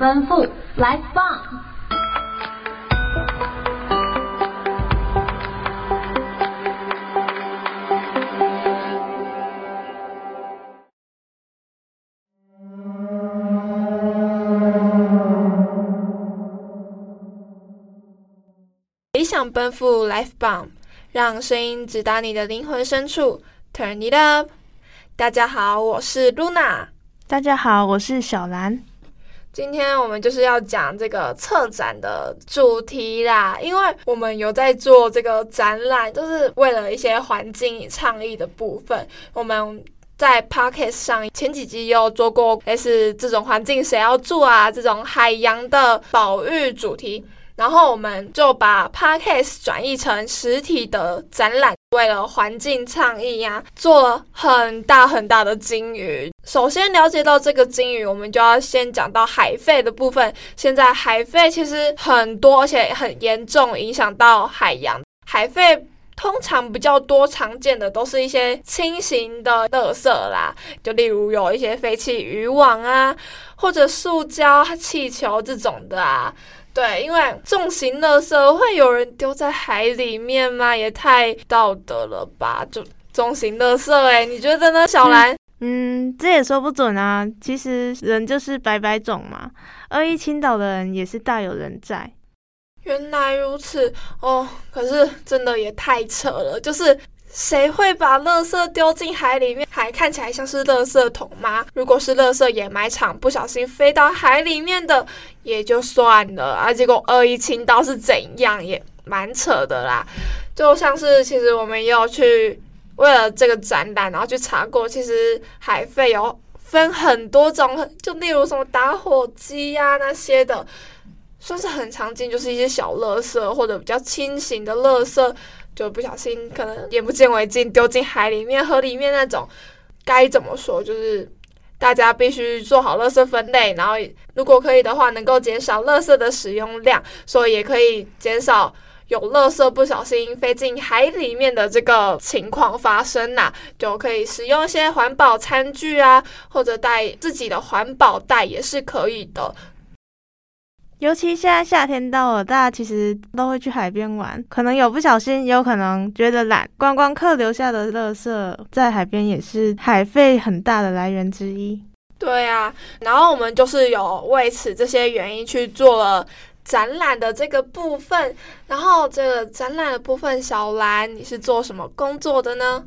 奔赴 Life Bomb，理想奔赴 Life Bomb，讓聲音直達你的靈魂深處。Turn it up！大家好，我是 Luna。大家好，我是小藍。今天我們就是要講這個策展的主題啦，因為我們有在做這個展覽，都、就是為了一些環境倡議的部分。我們在 Podcast 上前幾集有做過，也是這種環境誰要住啊？這種海洋的保育主題。然後我們就把 podcast 轉譯成實體的展覽，為了環境倡議呀、啊，做了很大很大的鯨魚。首先了解到這個鯨魚，我們就要先講到海廢的部分。現在海廢其實很多，而且很嚴重影響到海洋。海廢通常比較多常見的都是一些輕型的垃圾啦，就例如有一些廢棄漁網啊，或者塑膠氣球這種的啊。對，因為重型垃圾會有人丟在海裡面嗎？也太道德了吧！就重型垃圾，哎，你覺得呢，小藍，嗯？嗯，這也說不準啊。其實人就是百百種嘛，惡意傾倒的人也是大有人在。原來如此哦，可是真的也太扯了，就是。誰會把垃圾丟進海裡面？海看起來像是垃圾桶嗎？如果是垃圾掩埋場不小心飛到海裡面的也就算了，啊，結果惡意傾倒是怎樣，也蠻扯的啦。就像是其實我們也有去為了這個展覽，然後去查過，其實海廢有分很多種，就例如什麼打火機呀、啊、那些的，算是很常見，就是一些小垃圾或者比較輕型的垃圾。就不小心，可能眼不見為淨，丟進海裡面、河裡面那種，該怎麼說？就是大家必須做好垃圾分類，然後如果可以的話，能夠減少垃圾的使用量，所以也可以減少有垃圾不小心飛進海裡面的這個情況發生吶、啊。就可以使用一些環保餐具啊，或者帶自己的環保袋也是可以的。尤其現在夏天到了大，大家其實都會去海邊玩，可能有不小心，也有可能覺得懶，觀光客留下的垃圾在海邊也是海廢很大的來源之一。對啊，然後我們就是有為此這些原因去做了展覽的這個部分，然後這個展覽的部分，小藍你是做什麼工作的呢？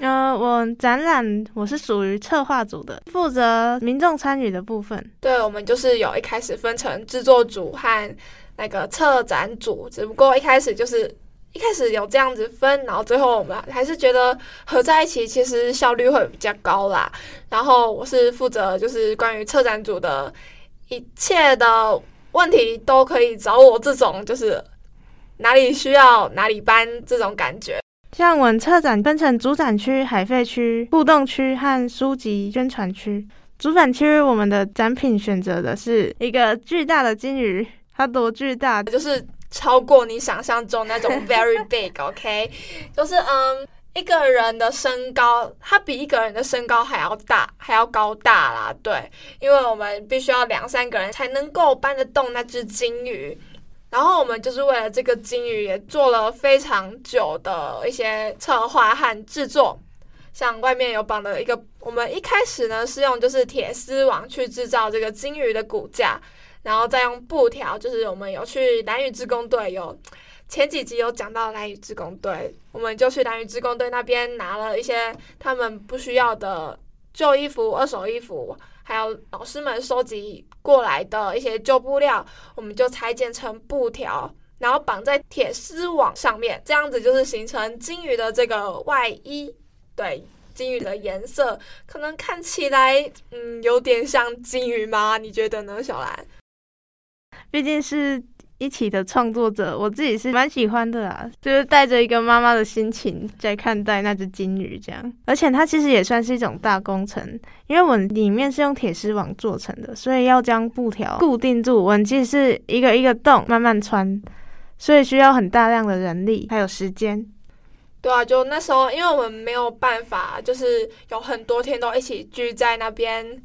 呃，我展覽我是屬於策劃組的，負責民眾參與的部分。對，我們就是有一開始分成製作組和那個策展組，只不過一開始就是一開始有這樣子分，然後最後我們還是覺得合在一起其實效率會比較高啦。然後我是負責就是關於策展組的一切的問題，都可以找我，這種就是哪裡需要哪裡搬這種感覺。像我們策展分成主展區、海廢區、互動區和書籍宣傳區。主展區我們的展品選擇的是一個巨大的鯨魚，它多巨大？就是超過你想象中那種 very big，OK， okay? 就是嗯，um, 一個人的身高，它比一個人的身高還要大，還要高大啦。對，因為我們必須要兩三個人才能夠搬得動那隻鯨魚。然後我們就是為了這個鯨魚也做了非常久的一些策劃和製作，像外面有綁了一個。我們一開始呢是用就是鐵絲網去製造這個鯨魚的骨架，然後再用布條。就是我們有去藍雨織工隊有前幾集有講到藍雨織工隊，我們就去藍雨織工隊那邊拿了一些他們不需要的舊衣服、二手衣服。還有老師們收集過來的一些舊布料，我們就裁剪成布條，然後綁在鐵絲網上面，這樣子就是形成鯨魚的這個外衣。對，鯨魚的顏色可能看起來，嗯，有點像鯨魚嘛？你覺得呢，小藍？畢竟是。一起的創作者，我自己是蠻喜歡的啦，就是帶着一個媽媽的心情在看待那隻鯨魚這樣。而且它其實也算是一種大工程，因為我們裡面是用鐵絲網做成的，所以要將布條固定住，我們其實是一個一個洞慢慢穿，所以需要很大量的人力還有時間。對啊，就那時候，因為我們沒有辦法，就是有很多天都一起聚在那邊。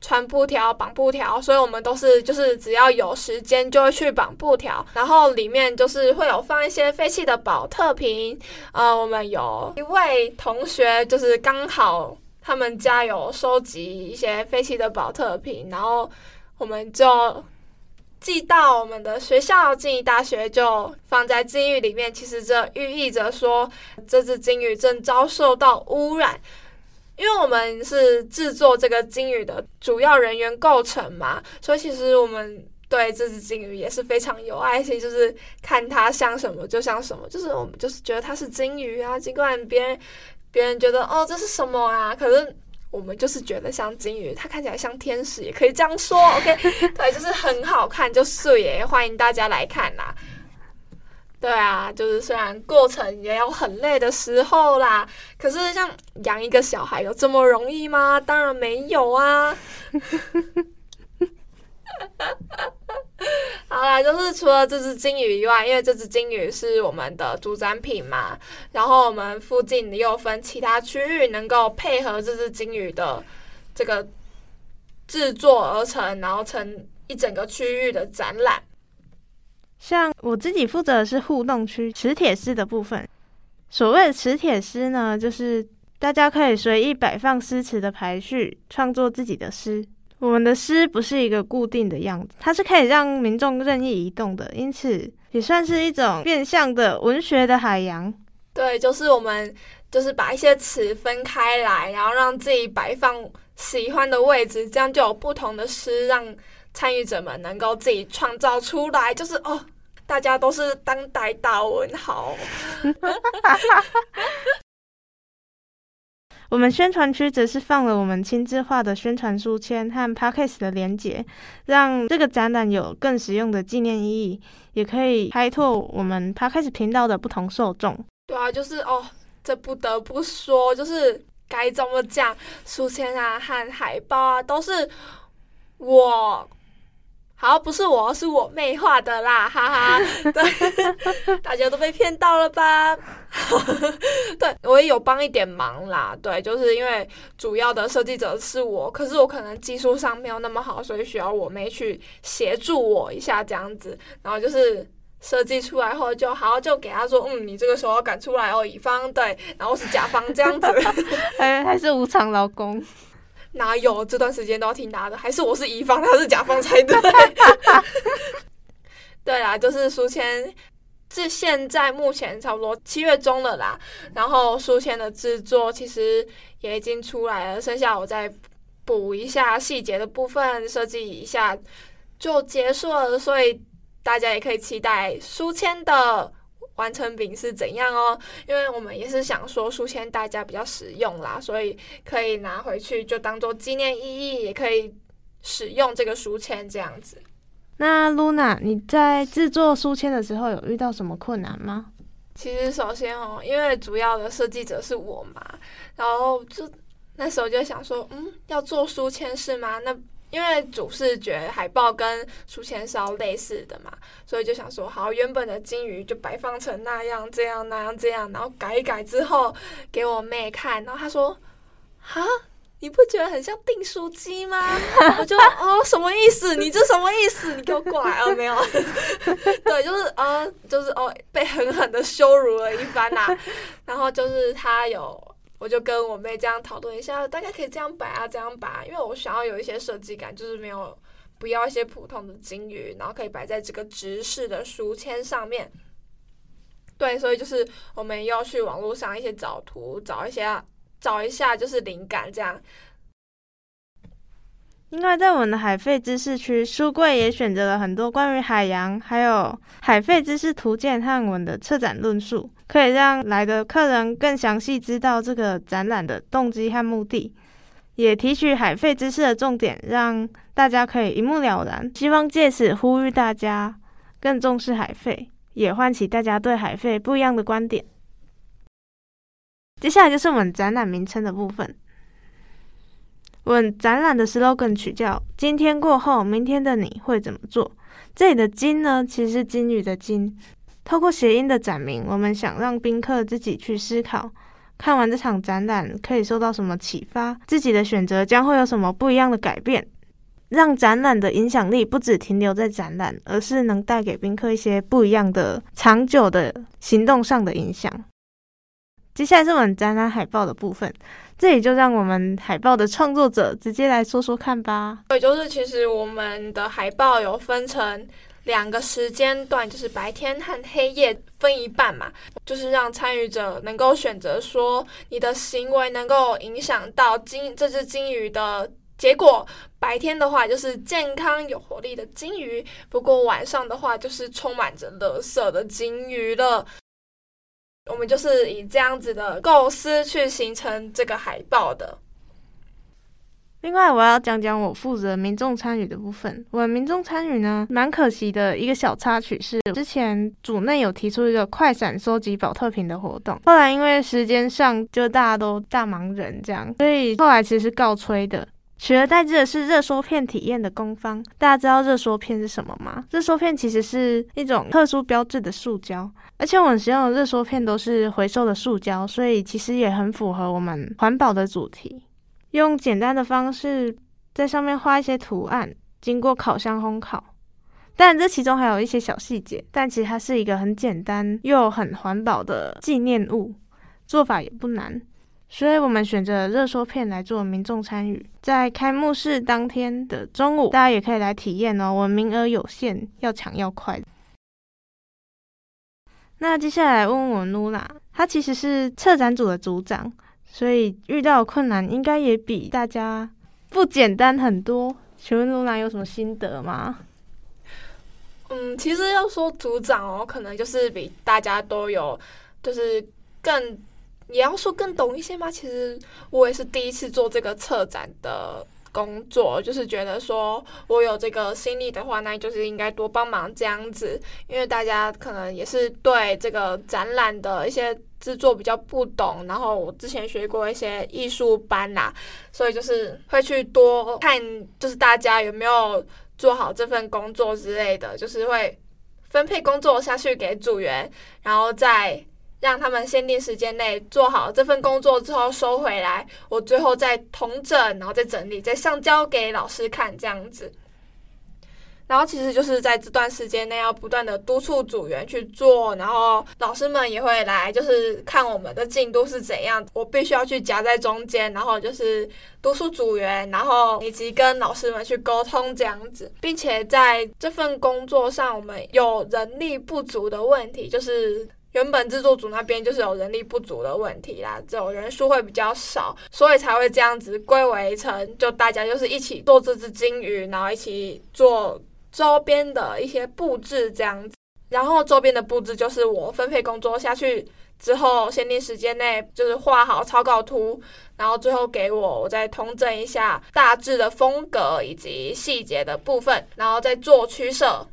穿布條，綁布條，所以我們都是就是只要有時間就會去綁布條。然後裡面就是會有放一些廢棄的寶特瓶，呃，我們有一位同學就是剛好他們家有收集一些廢棄的寶特瓶，然後我們就寄到我們的學校，靜宜大學就放在鯨魚裡面。其實這寓意着說，這隻鯨魚正遭受到汙染。因為我們是制作這個鯨魚的主要人員構成嘛，所以其實我們對這只鯨魚也是非常有愛心，就是看它像什麼就像什麼，就是我們就是覺得它是鯨魚啊，儘管別人別人覺得哦這是什麼啊，可是我們就是覺得像鯨魚，它看起來像天使也可以這樣說，OK， 對，就是很好看就素顏歡迎大家來看啦。對啊，就是雖然過程也有很累的時候啦，可是像養一個小孩有這麼容易嗎？當然沒有啊。 好啦，就是除了這只鯨魚以外，因為這只鯨魚是我們的主展品嘛，然後我們附近又分其他區域，能夠配合這只鯨魚的這個制作而成，然後成一整個區域的展覽。像我自己負責的是互動區，磁鐵詩的部分。所謂的磁鐵詩呢，就是大家可以隨意擺放詩詞的排序，創作自己的詩。我們的詩不是一個固定的樣子，它是可以讓民眾任意移動的，因此也算是一種變相的文學的海洋。對，就是我們就是把一些詞分開來，然後讓自己擺放喜歡的位置，這樣就有不同的詩讓。參與者們能夠自己創造出來，就是哦，大家都是當代大文豪。 我們宣傳區則是放了我們親自畫的宣傳書籤和 Podcast 的連結，讓這個展覽有更實用的紀念意義，也可以開拓我們 Podcast 頻道的不同受眾。對啊，就是哦，這不得不說，就是該怎麼講，書籤啊和海報啊都是我。好，不是我是我妹畫的啦，哈哈，對， 大家都被騙到了吧？對，我也有幫一點忙啦，對，就是因為主要的設計者是我，可是我可能技術上沒有那麼好，所以需要我妹去協助我一下這樣子，然後就是設計出來後就好，就給他說，嗯，你這個時候趕出來哦，乙方，對，然後是甲方這樣子，唉 還是無償勞工。哪有這段時間都要聽他的？還是我是乙方，他是甲方才對？ 對啦，就是書籤，至現在目前差不多七月中了啦。然後書籤的制作其實也已經出來了，剩下我再補一下細節的部分，設計一下就結束了。所以大家也可以期待書籤的，完成品是怎樣哦？因為我們也是想說書籤，大家比較實用啦，所以可以拿回去就當做紀念意義，也可以使用這個書籤這樣子。那 Luna，你在制作書籤的時候有遇到什麼困難嗎？其實首先哦，因為主要的設計者是我嘛，然後就那時候就想說，嗯，要做書籤是嗎？那因為主視覺海報跟書籤是要類似的嘛，所以就想說好，原本的鯨魚就擺放成那樣，這樣那樣這樣，然後改一改之後給我妹看，然後她說：“啊，你不覺得很像訂書機嗎？”我就 哦，什麼意思？你這什麼意思？你給我過來了沒有， 對，就是哦、呃、就是哦，被狠狠的羞辱了一番吶、啊。然後就是她有。我就跟我妹這樣討論一下，大概可以這樣擺啊，這樣擺、啊，因為我想要有一些設計感，就是沒有不要一些普通的鯨魚，然後可以擺在這個直式的書籤上面。對，所以就是我們要去網絡上一些找圖，找一些找一下就是靈感這樣。另外，在我們的海廢知識區書櫃也選擇了很多關於海洋還有海廢知識圖鑑和我們的策展論述。可以讓來的客人更詳細知道這個展覽的動機和目的，也提取海廢知識的重點，讓大家可以一目了然。希望借此呼籲大家更重視海廢，也喚起大家對海廢不一樣的觀點。接下來就是我們展覽名稱的部分，我們展覽的 slogan 取叫“鯨天過後，明天的你會怎麼做”。這裡的“鯨”呢，其實是鯨魚的“鯨”。透過諧音的展名，我們想讓賓客自己去思考，看完這場展覽可以受到什麼啟發，自己的選擇將會有什麼不一樣的改變，讓展覽的影響力不只停留在展覽，而是能帶給賓客一些不一樣的、長久的行動上的影響。接下來是我們展覽海報的部分，這裡就讓我們海報的創作者直接來說說看吧。對，就是其實我們的海報有分成。兩個時間段，就是白天和黑夜分一半嘛，就是讓參與者能夠選擇說，你的行為能夠影響到鯨這只鯨魚的結果。白天的話就是健康有活力的鯨魚，不過晚上的話就是充滿着垃圾的鯨魚了。我們就是以這樣子的構思去形成這個海報的。另外，我要講講我負責民眾參與的部分。我的民眾參與呢，蠻可惜的一個小插曲是，之前組內有提出一個快閃收集寶特瓶的活動，後來因為時間上就大家都大忙人這樣，所以後來其實是告吹的。取而代之的是熱縮片體驗的工坊。大家知道熱縮片是什麼嗎？熱縮片其實是一種特殊標誌的塑膠，而且我們使用的熱縮片都是回收的塑膠，所以其實也很符合我們環保的主題。用簡單的方式在上面畫一些圖案，經過烤箱烘烤。但這其中還有一些小細節，但其實它是一個很簡單又很環保的紀念物，做法也不難。所以我們選擇熱縮片來做民眾參與，在開幕式當天的中午，大家也可以來體驗哦。我們名額有限，要搶要快。那接下來問，問我 Luna，她其實是策展組的組長。所以遇到的困難應該也比大家不簡單很多。請問 Luna 有什麼心得嗎？嗯，其實要說組長哦，可能就是比大家都有，就是更也要說更懂一些嗎？其實我也是第一次做這個策展的。工作就是覺得說我有這個心力的話，那就是應該多幫忙這樣子。因為大家可能也是對這個展覽的一些製作比較不懂，然後我之前學過一些藝術班啦，所以就是會去多看，就是大家有沒有做好這份工作之類的，就是會分配工作下去給組員，然後再。讓他們限定時間內做好這份工作之後收回來，我最後再統整，然後再整理，再上交給老師看這樣子。然後其實就是在這段時間內要不斷的督促組員去做，然後老師們也會來就是看我們的進度是怎樣，我必須要去夾在中間，然後就是督促組員，然後以及跟老師們去溝通這樣子，並且在這份工作上我們有人力不足的問題，就是。原本製作組那邊就是有人力不足的問題啦，就人數會比較少，所以才會這樣子歸為成就，大家就是一起做這隻鯨魚，然後一起做周邊的一些佈置這樣子。然後周邊的佈置就是我分配工作下去之後，限定時間內就是畫好草稿圖，然後最後給我，我再統整一下大致的風格以及細節的部分，然後再做取捨。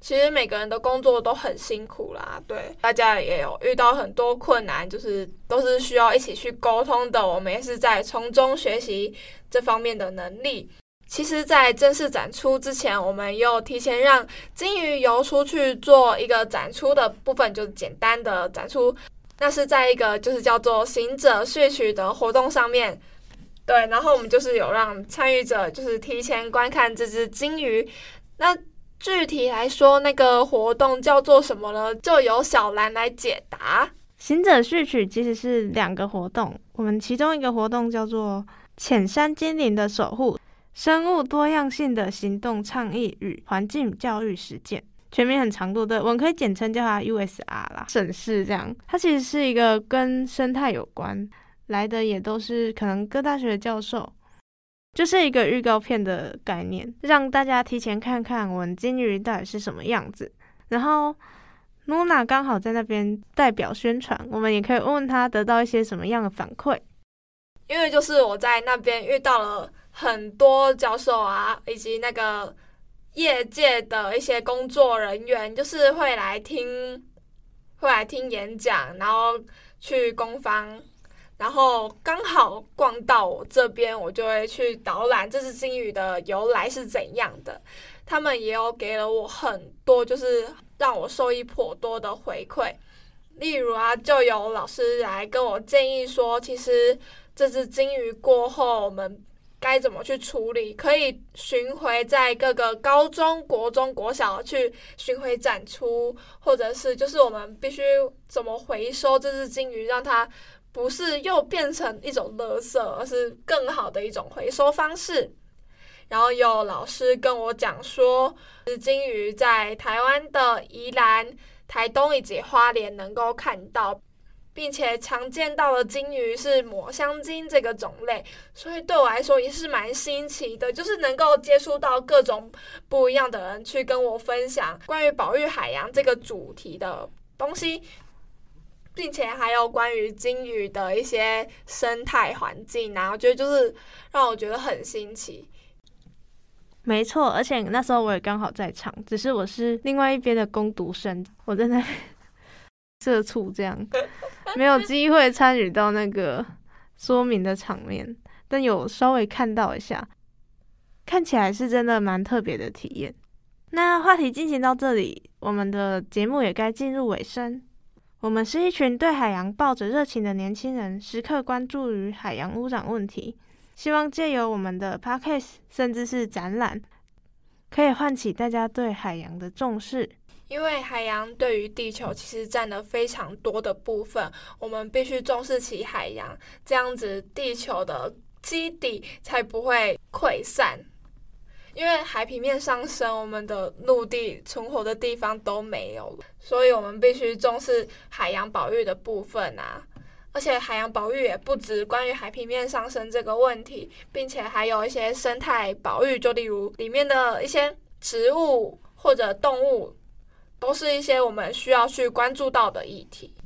其實每個人的工作都很辛苦啦，對，大家也有遇到很多困難，就是都是需要一起去溝通的。我們也是在從中學習這方面的能力。其實，在正式展出之前，我們又提前讓鯨魚游出去做一個展出的部分，就是簡單的展出。那是在一個就是叫做“行者序曲”的活動上面，對，然後我們就是有讓參與者就是提前觀看這隻鯨魚，那。具體來說，那個活動叫做什麼呢？就由小藍來解答。行者序曲其實是兩個活動，我們其中一個活動叫做淺山精靈的守護，生物多樣性的行動倡議與環境教育實踐，全名很長度，對，我們可以簡稱叫它 USR 啦，省事這樣。它其實是一個跟生態有關，來的也都是可能各大學的教授。就是一個預告片的概念，讓大家提前看看我們鯨魚到底是什麼樣子。然後，Luna 剛好在那邊代表宣傳，我們也可以問問她得到一些什麼樣的反饋。因為就是我在那邊遇到了很多教授啊，以及那個業界的一些工作人員，就是會來聽，會來聽演講，然後去攻方。然後剛好逛到我這邊，我就會去導覽這只鯨魚的由來是怎樣的。他們也有給了我很多，就是讓我受益頗多的回饋。例如啊，就有老師來跟我建議說，其實這只鯨魚過後，我們該怎麼去處理？可以巡回在各個高中、國中、國小去巡回展出，或者是就是我們必須怎麼回收這只鯨魚，讓它。不是又變成一種垃圾，而是更好的一種回收方式。然後有老師跟我講說，是鯨魚在台灣的宜蘭、台東以及花蓮能夠看到，並且常見到的鯨魚是抹香鯨這個種類。所以對我來說也是蠻新奇的，就是能夠接觸到各種不一樣的人去跟我分享關於保育海洋這個主題的東西。並且還有關於鯨魚的一些生態環境啊，我覺得就是讓我覺得很新奇。沒錯，而且那時候我也剛好在場，只是我是另外一邊的工讀生，我在那社畜這樣，沒有機會參與到那個說明的場面， 但有稍微看到一下，看起來是真的蠻特別的體驗。那話題進行到這裡，我們的節目也該進入尾聲。我們是一群對海洋抱着熱情的年輕人，時刻關注於海洋污染問題，希望借由我們的 podcast 甚至是展覽，可以喚起大家對海洋的重視。因為海洋對於地球其實占了非常多的部分，我們必須重視起海洋，這樣子地球的基底才不會潰散。因為海平面上升，我們的陸地存活的地方都沒有了，所以我們必須重視海洋保育的部分啊，而且海洋保育也不止關於海平面上升這個問題，並且還有一些生態保育，就例如裡面的一些植物或者動物，都是一些我們需要去關注到的議題。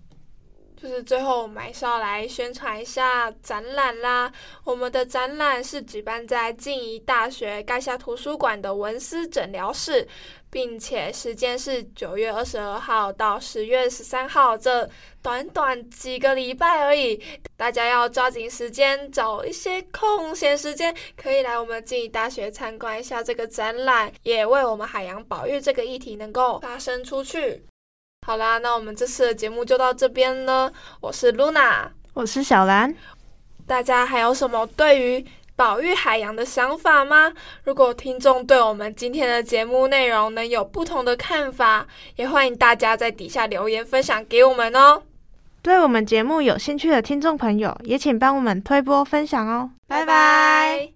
就是最後，我們還是要來宣傳一下展覽啦。我們的展覽是舉辦在靜宜大學蓋夏圖書館的文思診療室，並且時間是九月二十二號到十月十三號，這短短幾個禮拜而已。大家要抓緊時間，找一些空閒時間，可以來我們靜宜大學參觀一下這個展覽，也為我們海洋保育這個議題能夠發聲出去。好啦，那我們這次的節目就到這邊呢。我是 Luna，我是小藍。大家還有什麼對於保育海洋的想法嗎？如果聽眾對我們今天的節目內容能有不同的看法，也歡迎大家在底下留言分享給我們哦。對我們節目有興趣的聽眾朋友，也請幫我們推播分享哦。拜拜。